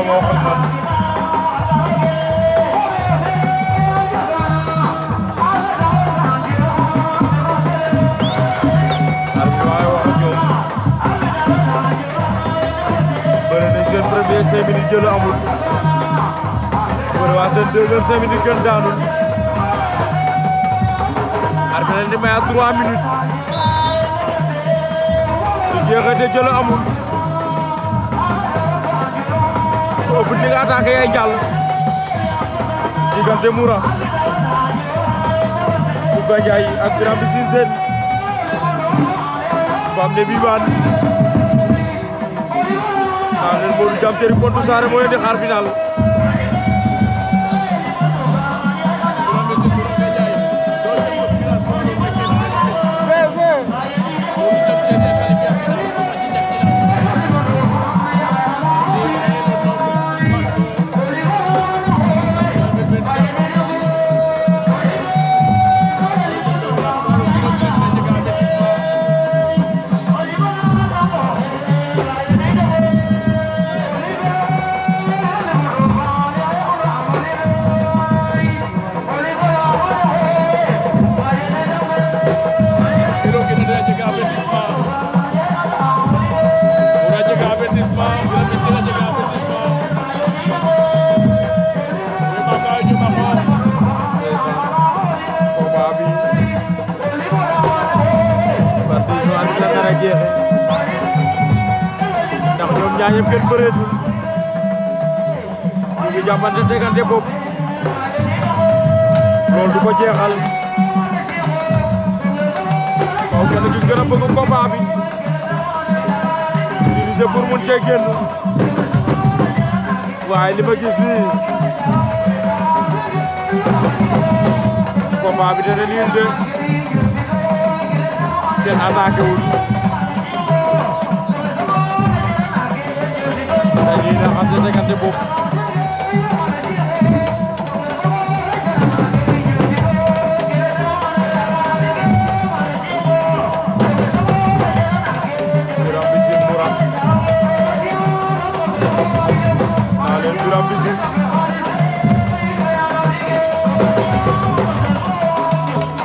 ko ma waxoon man bëri na seen premier cinq minutes jëlu amul bëri waa seen deuxième cinq minutes kenn daanul arbitre leen di mayaat trois minutes su jeexate jëlu amul o bud nga attaqué yaay njal diggante Moura Bouga Ndiaye ak Birame Mbissine Sène Pape Ndebi Bane naa leen Modou Diam Terry Pointe Sarene moo leen di xaar final jeexee ndax ñoom ñaar ñëpp kenn bëreetul ñu ngi jàppante tegante bopp loolu du ko jeexal waaw kenn ki gën a bëgg combat bi divisé pour mun cee génn waaye li ma gis nii combat bi dana niin de kenn attaqué Lagi dah kata dengan debuk.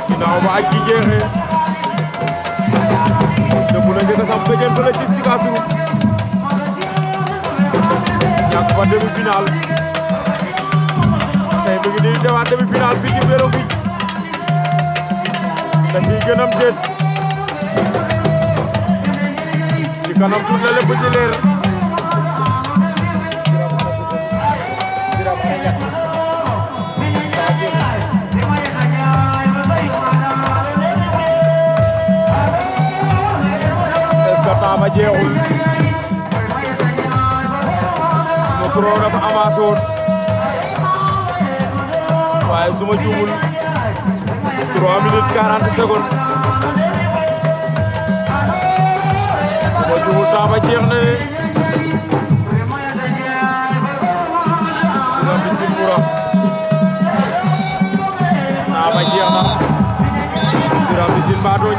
Ginaaw ba ak gi jeexee te bu la njëkk a sax bu fekkee fële ci Sika Touré dewaat demi-finale tey mu ngi nii dewaat demi-finale fii ci Mbéréo Mbodj da ciy gën a déet ci kanam tuuti la lépp ci leer est-ce que temps ba jeexul pro dafa avancé woon waaye su ma juumul 3 minutes 40 secondes su ma juumul temps ba jeex na ne dina bisim Mbour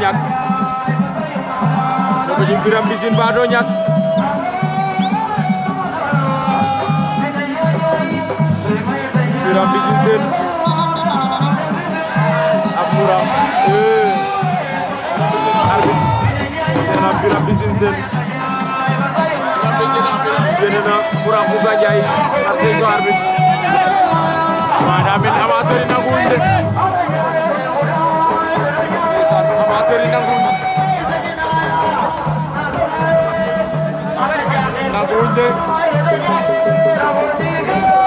temps ba na Birame Mbissine mbaa doo ñàkk Birame Abdurrahman Bicintin Abdurrahman ee. Arbit Yenen Abdurrahman Bicintin Yenen Burak Bugajay Artejo Arbit Madamin Amatörü Nagunde Amatörü Nagunde Nagunde Nagunde